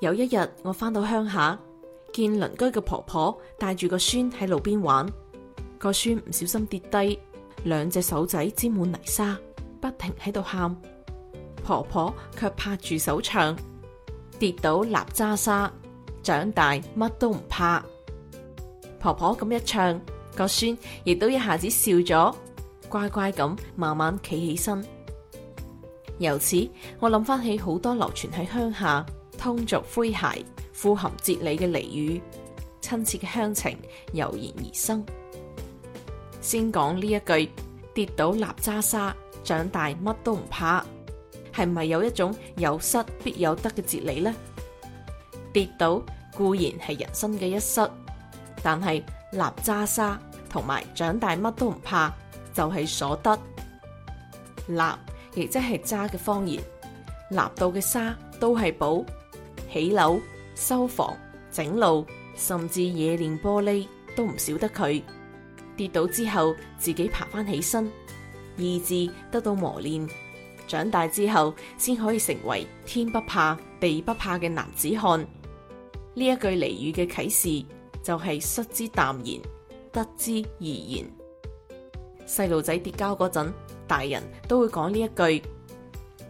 有一日，我返到鄉下，見鄰居嘅婆婆帶住個孫喺路邊玩，個孫唔小心跌低，兩隻手仔沾滿泥沙，不停喺度喊。婆婆卻拍住手唱：跌倒擸抓沙，長大乜都唔怕。婆婆咁一唱，個孫亦都一下子笑咗，乖乖咁慢慢企起身。由此，我諗翻起好多流傳喺鄉下，通俗詼諧、富含哲理嘅俚語，親切嘅鄉情油然而生。先講呢一句：跌倒擸揸沙，長大乜都唔怕，係咪有一種有失必有得嘅哲理呢？「跌倒固然係人生嘅一失，但係擸揸沙同埋長大乜都唔怕，就係、是、所得。擸亦即係揸嘅方言，擸到嘅沙都係寶。起樓、修房、整路，甚至冶煉玻璃，都唔少得佢。跌倒之後自己爬翻起身，意志得到磨練，長大之後先可以成為天不怕地不怕嘅男子漢。呢一句俚語嘅啟示就係失之淡然，得之怡然。細路仔跌跤嗰陣，大人都會講呢一句，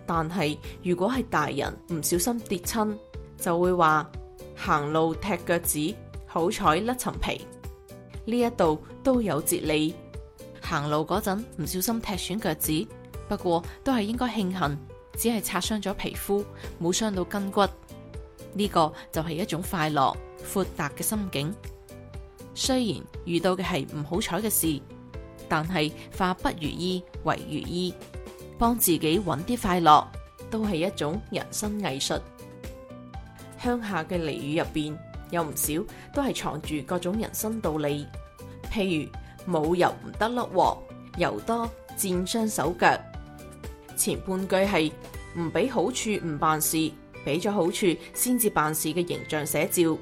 但係如果係大人唔小心跌親，就會話行路踢腳趾，好彩甩層皮。呢一度都有哲理。行路嗰陣唔小心踢損腳趾，不過都係應該慶幸，只係擦傷咗皮膚，冇傷到筋骨。呢個就係一種快樂闊達嘅心境。雖然遇到嘅係唔好彩嘅事，但係化不如意為如意，幫自己搵啲快樂，都係一種人生藝術。鄉下嘅俚語入邊，有唔少都係藏住各種人生道理。譬如冇油唔得甩鑊，油多濺傷手腳。前半句係唔俾好處唔辦事，俾咗好處先至辦事嘅形象寫照。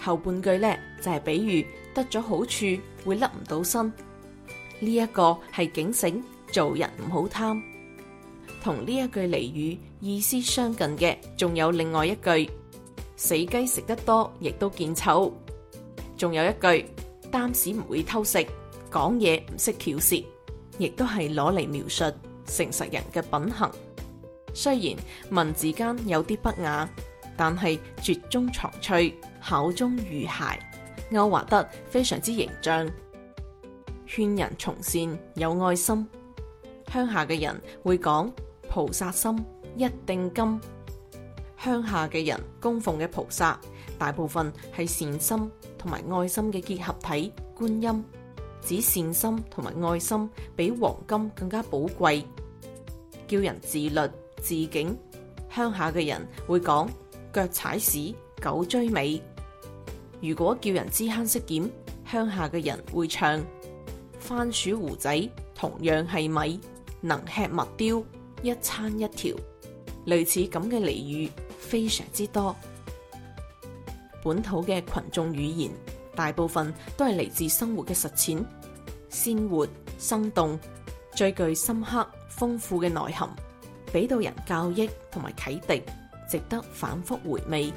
後半句呢就係、是、比喻得咗好處會甩唔到身。呢一個係警醒做人唔好貪。同呢一句俚語意思相近嘅，仲有另外一句。死雞食得多，亦都見臭。仲有一句，擔屎唔會偷食，講嘢唔識巧舌，亦都係攞嚟描述誠,誠實人嘅品行。雖然文字間有啲不雅，但係拙中藏趣，巧中寓諧。勾畫得非常之形象。勸人從善，有愛心。鄉下嘅人會講菩薩心，一錠金。鄉下嘅人供奉嘅菩薩，大部分係善心同埋愛心嘅結合體。觀音指善心同埋愛心比黃金更加寶貴，叫人自律自警。鄉下嘅人會講，腳踩屎，狗追尾。如果叫人知慳識儉，鄉下嘅人會唱，番薯芋仔，同樣係米，能吃勿丟，一餐一條。類似咁嘅俚語。非常之多，本土嘅群眾語言，大部分都係嚟自生活嘅實踐，鮮活、生動、最具深刻、豐富嘅內涵，俾到人教益同埋啟迪，值得反覆回味。